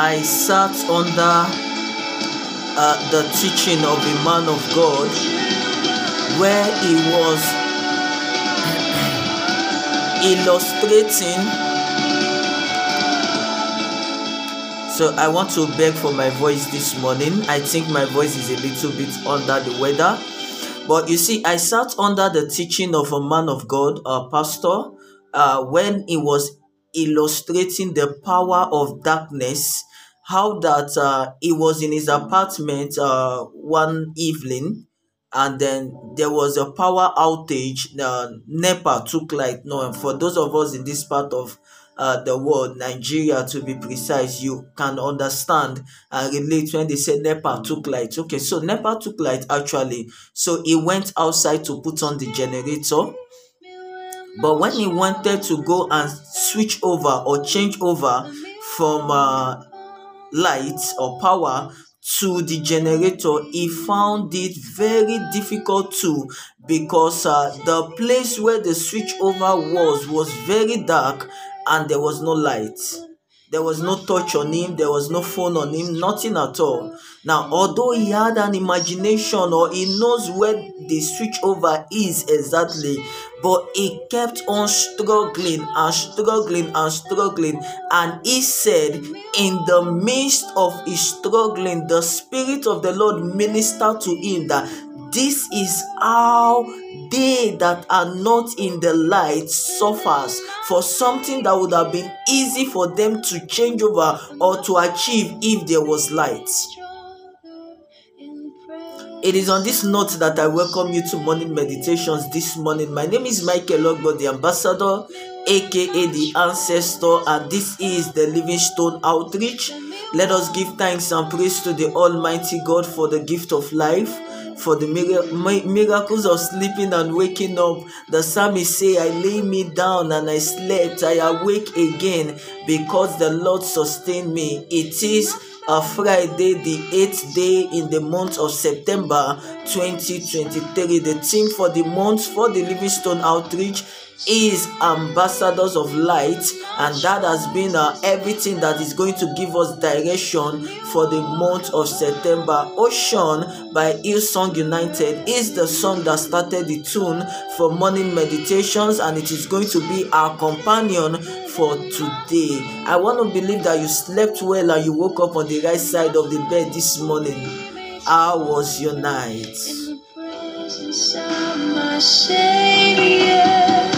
I sat under uh, the teaching of a man of God where he was illustrating. So I want to beg for my voice this morning. I think my voice is a little bit under the weather. But you see, I sat under the teaching of a man of God, a pastor, uh, when he was illustrating the power of darkness how that uh, he was in his apartment uh, one evening and then there was a power outage uh, nepa took like no for those of us in this part of uh, the world nigeria to be precise you can understand and relate when they say nepa took light okay so nepa took light actually so he went outside to put on the generator but when he wanted to go and switch over or change over from uh, light or power to the generator he found it very difficult to, because uh, the place where the switch over was was very dark and there was no light there was no touch on him, there was no phone on him, nothing at all. Now, although he had an imagination or he knows where the switch over is exactly, but he kept on struggling and struggling and struggling. And he said, In the midst of his struggling, the Spirit of the Lord ministered to him that this is how they that are not in the light suffers for something that would have been easy for them to change over or to achieve if there was light. It is on this note that I welcome you to morning meditations this morning. My name is Michael Logbo, the ambassador, aka the ancestor, and this is the Living Stone Outreach. Let us give thanks and praise to the Almighty God for the gift of life for the miracles of sleeping and waking up. The psalmist say, I lay me down and I slept. I awake again because the Lord sustained me. It is a Friday, the eighth day in the month of September 2023. The theme for the month for the Livingstone Outreach is ambassadors of light and that has been uh, everything that is going to give us direction for the month of september ocean by hillsong united is the song that started the tune for morning meditations and it is going to be our companion for today i want to believe that you slept well and you woke up on the right side of the bed this morning how was your night Savior.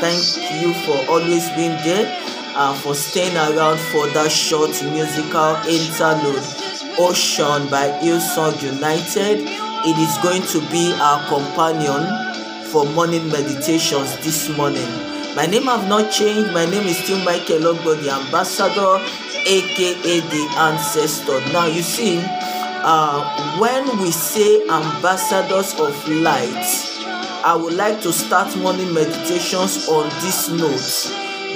thank you for always being there and uh, for staying around for that short musical interlude ocean by hillsong united it is going to be our companion for morning meditations this morning my name have not changed my name is still michael ogbo the ambassador aka the ancestor now you see uh, when we say ambassadors of light I would like to start morning meditations on this note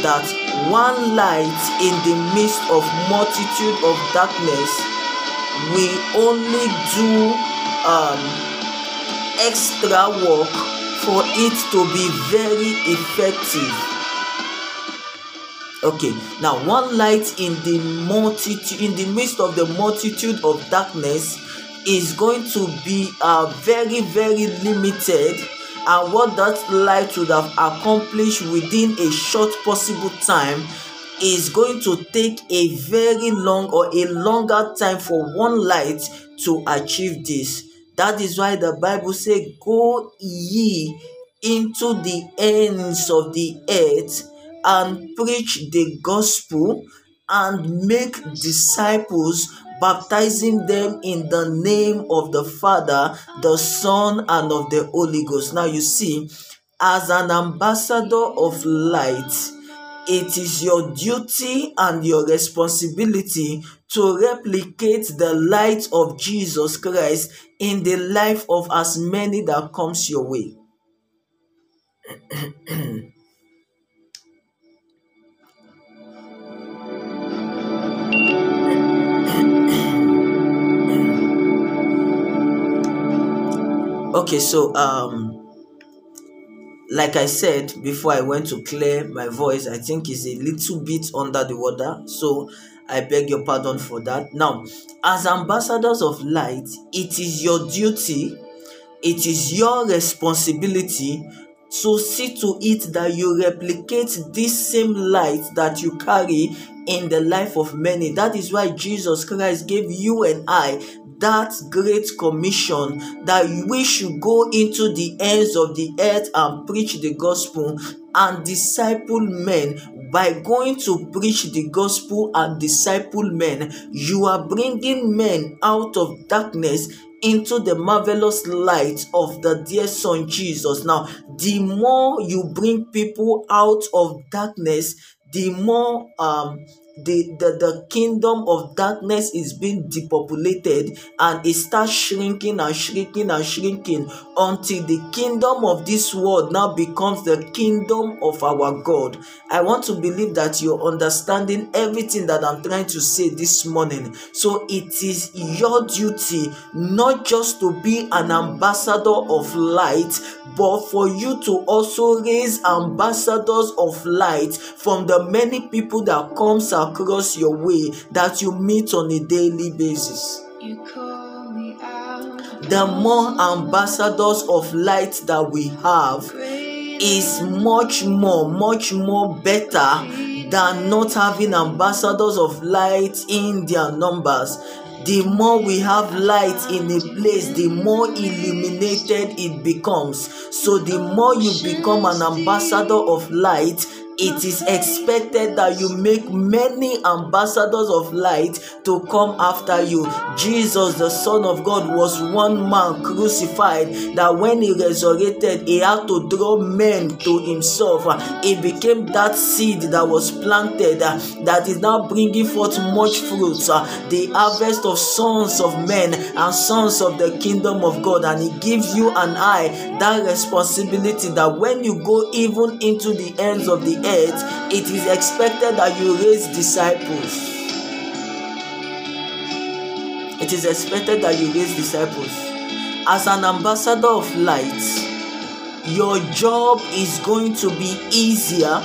that one light in the midst of multitude of darkness will only do um, extra work for it to be very effective okay now one light in the multitude in the midst of the multitude of darkness is going to be uh, very very limited and what that light would have accomplished within a short possible time is going to take a very long or a longer time for one light to achieve this. That is why the Bible says, Go ye into the ends of the earth and preach the gospel and make disciples baptizing them in the name of the Father, the Son, and of the Holy Ghost. Now you see, as an ambassador of light, it is your duty and your responsibility to replicate the light of Jesus Christ in the life of as many that comes your way. okay so um like i said before i went to clear my voice i think is a little bit under the water so i beg your pardon for that now as ambassadors of light it is your duty it is your responsibility to see to it that you replicate this same light that you carry in the life of many. That is why Jesus Christ gave you and I that great commission that we should go into the ends of the earth and preach the gospel and disciple men by going to preach the gospel and disciple men you are bringing men out of darkness into the marvelous light of the dear son jesus now the more you bring people out of darkness the more um, the, the, the kingdom of darkness is being depopulated and it starts shrinking and shrinking and shrinking until the kingdom of this world now becomes the kingdom of our God. I want to believe that you're understanding everything that I'm trying to say this morning. So it is your duty not just to be an ambassador of light, but for you to also raise ambassadors of light from the many people that comes across your way that you meet on a daily basis. The more ambassadors of light that we have is much more, much more better than not having ambassadors of light in their numbers. The more we have light in a place, the more illuminated it becomes. So, the more you become an ambassador of light, it is expected that you make many ambassadors of light to come after you. Jesus, the Son of God, was one man crucified that when he resurrected, he had to draw men to himself. He became that seed that was planted that is now bringing forth much fruit, the harvest of sons of men and sons of the kingdom of God. And he gives you and I that responsibility that when you go even into the ends of the earth, earth, it is expected that you raise disciples. It is expected that you raise disciples. As an ambassador of light, your job is going to be easier.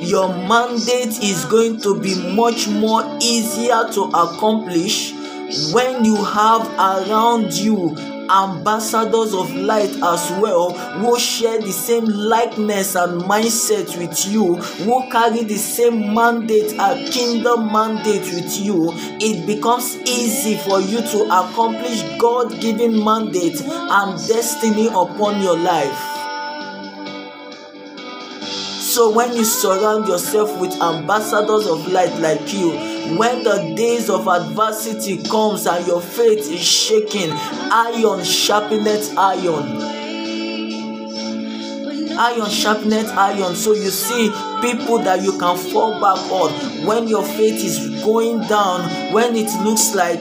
Your mandate is going to be much more easier to accomplish when you have around you ambassadors of light as well who share the same likeness and mindset with you, who carry the same mandate, a kingdom mandate with you, it becomes easy for you to accomplish God given mandate and destiny upon your life. So when you surround yourself with ambassadors of light like you, when the days of adversity comes and your faith is shaking iron sharpeneth iron iron sharpeneth iron so you see people that you can fall back on when your faith is going down when it looks like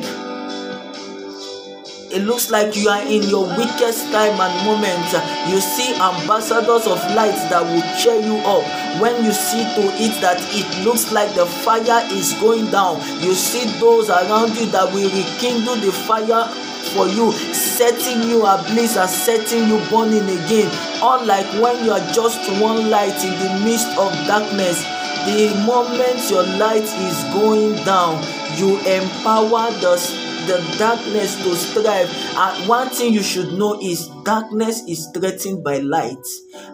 it looks like you are in your weakest time and moment you see ambassadors of light that will cheer you up when you see to it that it looks like the fire is going down you see those around you that will rekindle the fire for you setting you ablaze and setting you burning again unlike when you are just one light in the midst of darkness the moment your light is going down you empower the spirit the darkness to strive. And uh, one thing you should know is darkness is threatened by light.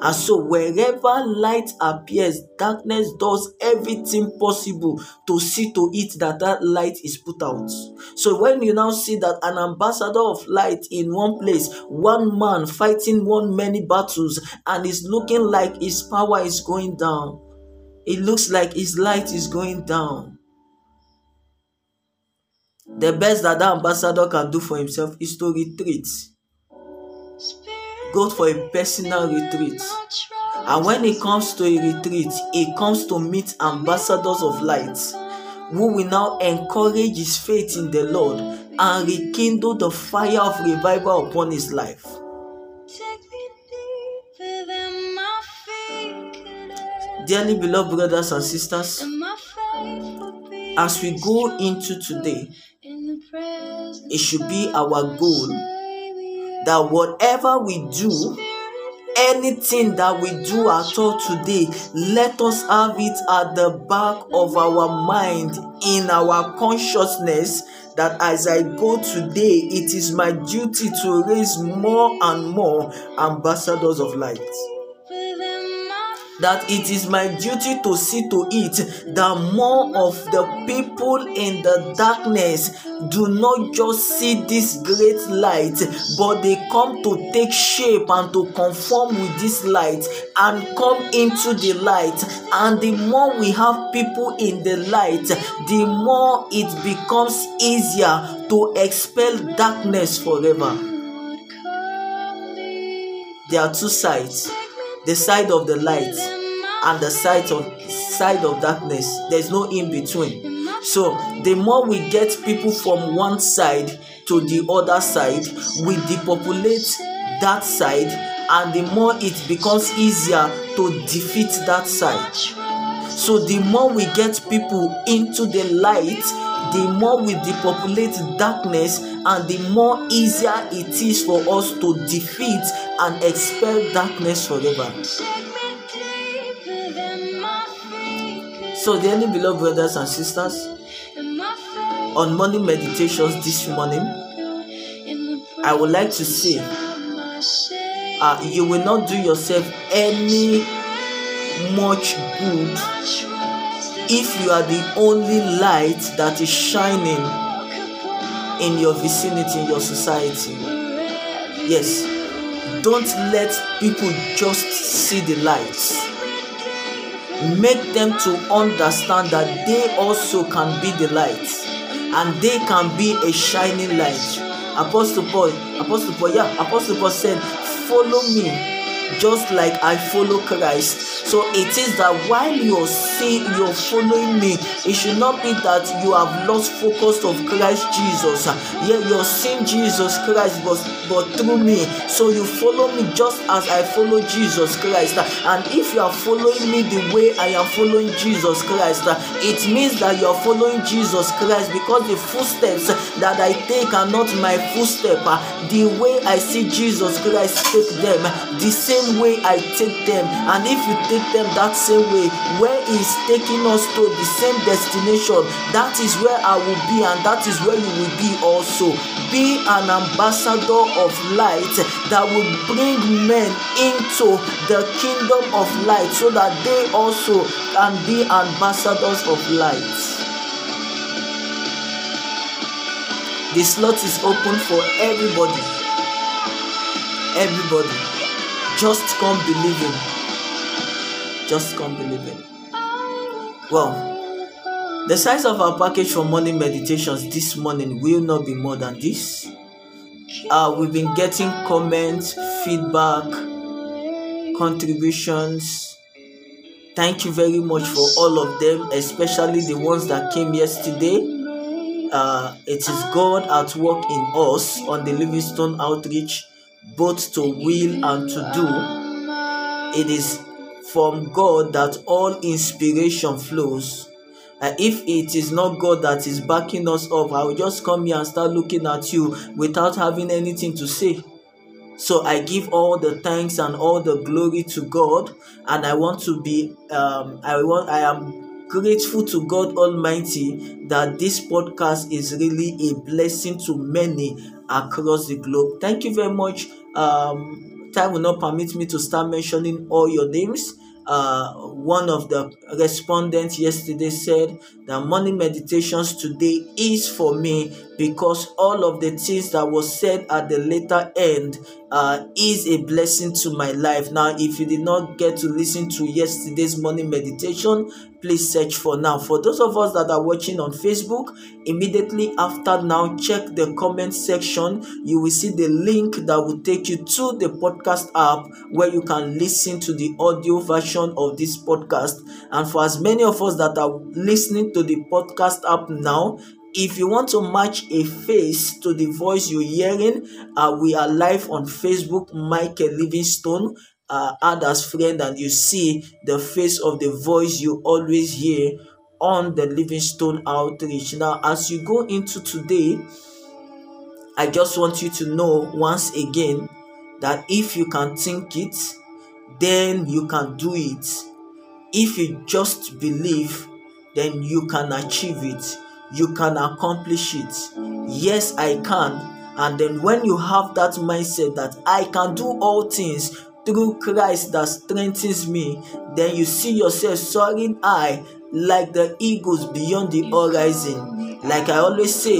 And so, wherever light appears, darkness does everything possible to see to it that that light is put out. So, when you now see that an ambassador of light in one place, one man fighting one many battles, and it's looking like his power is going down, it looks like his light is going down The best that that ambassador can do for himself is to retreat. Go for a personal retreat. And when it comes to a retreat, it comes to meet ambassadors of light who will now encourage his faith in the Lord and rekindle the fire of revival upon his life. Dearly beloved brothers and sisters, as we go into today, it should be our goal that whatever we do, anything that we do at all today, let us have it at the back of our mind, in our consciousness, that as I go today, it is my duty to raise more and more ambassadors of light. that it is my duty to see to it that more of the people in the darkness do not just see this great light but they come to take shape and to conform with this light and come into the light and the more we have people in the light the more it becomes easier to expel darkness forever there are two sides the side of the light and the side of side of darkness there's no in between so the more we get people from one side to the other side we depopulate that side and the more it becomes easier to defeat that side so the more we get people into the light the more we depopulate darkness and the more easier it is for us to defeat and expel darkness forever. So, dearly beloved brothers and sisters, on morning meditations this morning, I would like to say uh, you will not do yourself any much good if you are the only light that is shining in your vicinity, in your society. Yes, don't let people just see the lights. Make them to understand that they also can be the light and they can be a shining light. Apostle Paul, Apostle Paul, yeah, Apostle Paul said, Follow me just like I follow Christ. So it is that while you're saying you're following me, it should not be that you have lost focus of Christ Jesus. Yeah, you're seeing Jesus Christ, but, but through me. So you follow me just as I follow Jesus Christ. And if you are following me the way I am following Jesus Christ, it means that you are following Jesus Christ because the footsteps that I take are not my footsteps. The way I see Jesus Christ take them, the same same way I take them. And if you take them that same way, where is taking us to the same destination, that is where I will be, and that is where you will be also. Be an ambassador of light that will bring men into the kingdom of light so that they also can be ambassadors of light. The slot is open for everybody. Everybody. Just come believing. Just come believing. Well, the size of our package for morning meditations this morning will not be more than this. Uh, we've been getting comments, feedback, contributions. Thank you very much for all of them, especially the ones that came yesterday. Uh, it is God at work in us on the Livingstone Outreach both to will and to do. It is from God that all inspiration flows. Uh, if it is not God that is backing us up, I will just come here and start looking at you without having anything to say. So I give all the thanks and all the glory to God, and I want to be, um, I want, I am grateful to God Almighty that this podcast is really a blessing to many across the globe. Thank you very much. Um, time will not permit me to start mentioning all your names. Uh, one of the respondents yesterday said the morning meditations today is for me because all of the things that was said at the later end uh, is a blessing to my life. Now, if you did not get to listen to yesterday's morning meditation, please search for now. For those of us that are watching on Facebook, immediately after now, check the comment section. You will see the link that will take you to the podcast app where you can listen to the audio version of this podcast. And for as many of us that are listening to the podcast app now. If you want to match a face to the voice you're hearing, uh, we are live on Facebook, Michael Livingstone. Uh, add as friend, and you see the face of the voice you always hear on the Livingstone Outreach. Now, as you go into today, I just want you to know once again that if you can think it, then you can do it. If you just believe, then you can achieve it. You can accomplish it. Yes, I can. And then when you have that mindset that I can do all things through Christ that strengthens me, then you see yourself soaring high like the eagles beyond the horizon. Like I always say,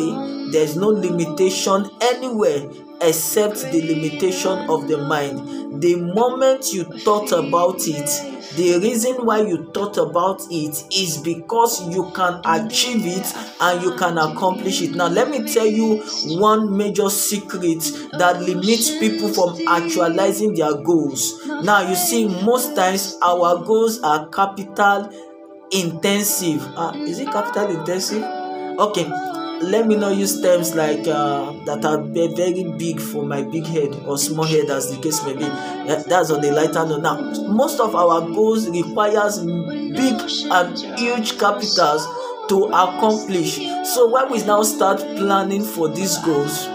there's no limitation anywhere except the limitation of the mind. The moment you thought about it, The reason why you thought about it is because you can achieve it and you can accomplish it. Now, let me tell you one major secret that limits people from actualizing their goals. Now, you see, most times our goals are capital intensive. Ah, is it capital intensive? Okay, let me not use terms like uh, that are very big for my big head or small head as the case may be that's on the lighter note now most of our goals requires big and huge capitals to accomplish so when we now start planning for these goals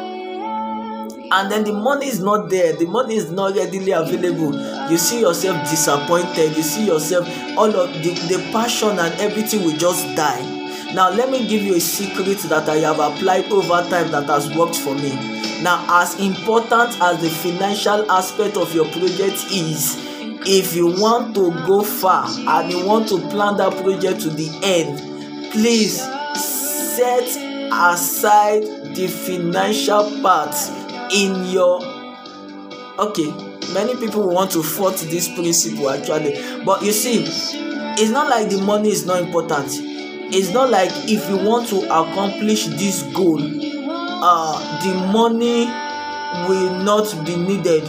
and then the money is not there the money is not readily available you see yourself disappointed you see yourself all of the the passion and everything will just die Now, let me give you a secret that I have applied over time that has worked for me. Now, as important as the financial aspect of your project is, if you want to go far and you want to plan that project to the end, please set aside the financial part in your okay many people want to fault this principle actually but you see it's not like the money is not important it's not like if you want to accomplish this goal uh, the money will not be needed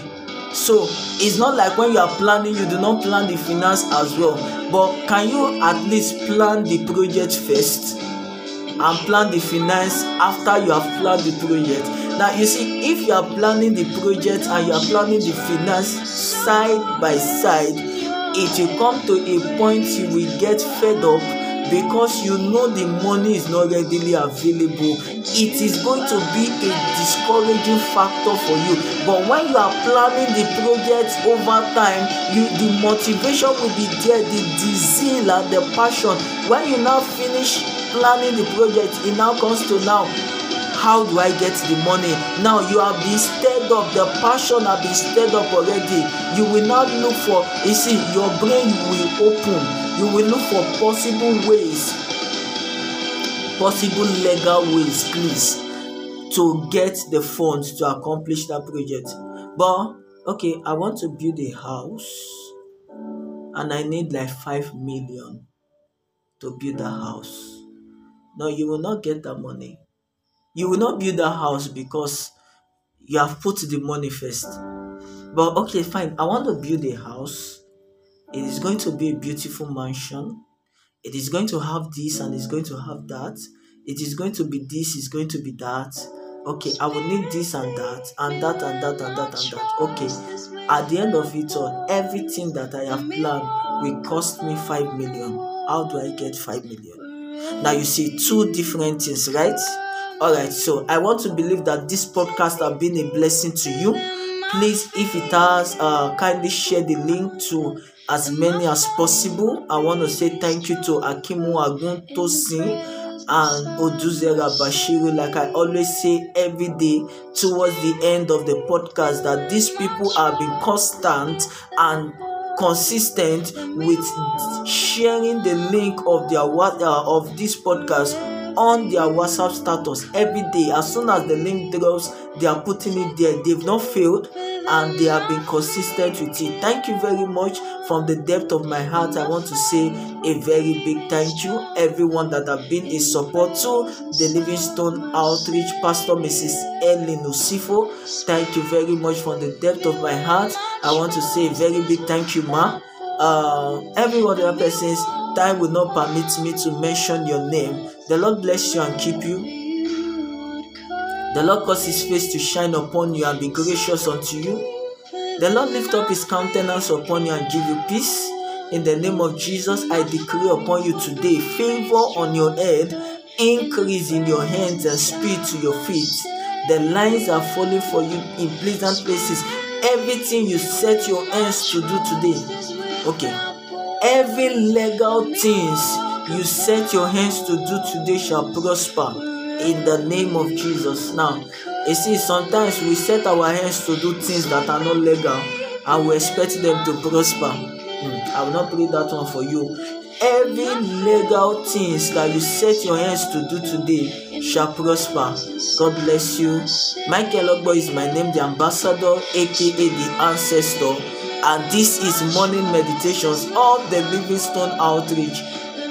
so it's not like when you are planning you do not plan the finance as well but can you at least plan the project first and plan the finance after you have planned the project now you see if you are planning the project and you are planning the finance side by side it will come to a point you will get fed up because you know the money is not readily available it is going to be a discouraging factor for you but when you are planning the project over time you the motivation will be there the the zeal and the passion when you now finish planning the project e now comes to now how do i get the money now you have been stirred up the passion have been stirred up already you will now look for you see your brain will open you will look for possible ways possible legal ways please to get the funds to accomplish that project but okay i want to build a house and i need like five million to build a house no you will not get that money you will not build a house because you have put the money first but okay fine i want to build a house it is going to be a beautiful mansion. It is going to have this and it's going to have that. It is going to be this, it's going to be that. Okay, I will need this and that, and that, and that, and that, and that. Okay, at the end of it all, everything that I have planned will cost me 5 million. How do I get 5 million? Now you see two different things, right? All right, so I want to believe that this podcast has been a blessing to you please if it has uh, kindly share the link to as many as possible i want to say thank you to akimu aguntosin and Oduzera Bashiru, like I always say every day towards the end of the podcast, that these people have been constant and consistent with sharing the link of their uh, of this podcast on their WhatsApp status every day. As soon as the link drops, they are putting it there. They've not failed and they have been consistent with it. Thank you very much from the depth of my heart. I want to say a very big thank you everyone that have been a support to the Livingstone Outreach Pastor Mrs. Ellen Osifo. Thank you very much from the depth of my heart. I want to say a very big thank you, ma. Uh, every other person's time will not permit me to mention your name The Lord bless you and keep you. The Lord cause his face to shine upon you and be gracious unto you. The Lord lift up his countenance upon you and give you peace. In the name of Jesus, I decree upon you today favor on your head, increase in your hands, and speed to your feet. The lines are falling for you in pleasant places. Everything you set your hands to do today. Okay. Every legal things you set your hands to do today shall prosper in the name of Jesus. Now, you see, sometimes we set our hands to do things that are not legal and we expect them to prosper. Mm, I will not pray that one for you. Every legal things that you set your hands to do today shall prosper. God bless you. Michael Ogbo is my name, the ambassador, aka the ancestor. And this is morning meditations of the Living Stone Outreach.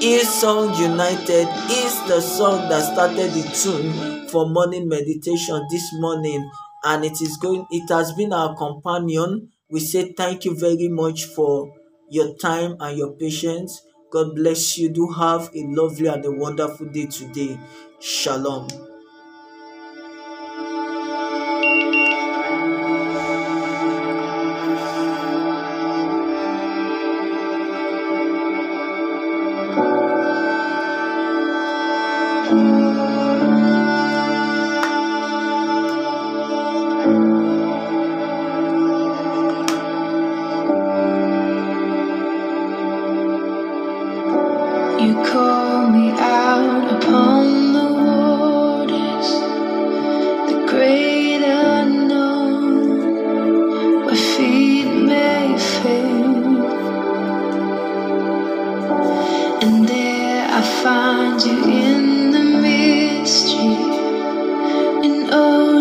His song United is the song that started the tune for morning meditation this morning, and it is going. It has been our companion. We say thank you very much for your time and your patience. God bless you. Do have a lovely and a wonderful day today. Shalom.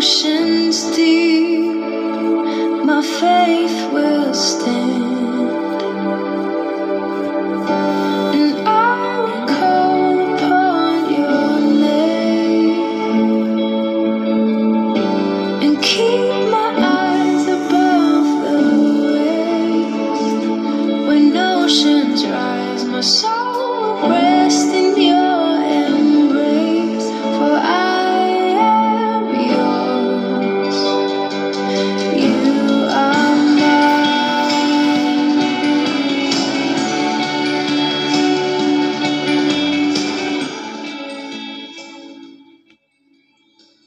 oceans deep, my faith will stand.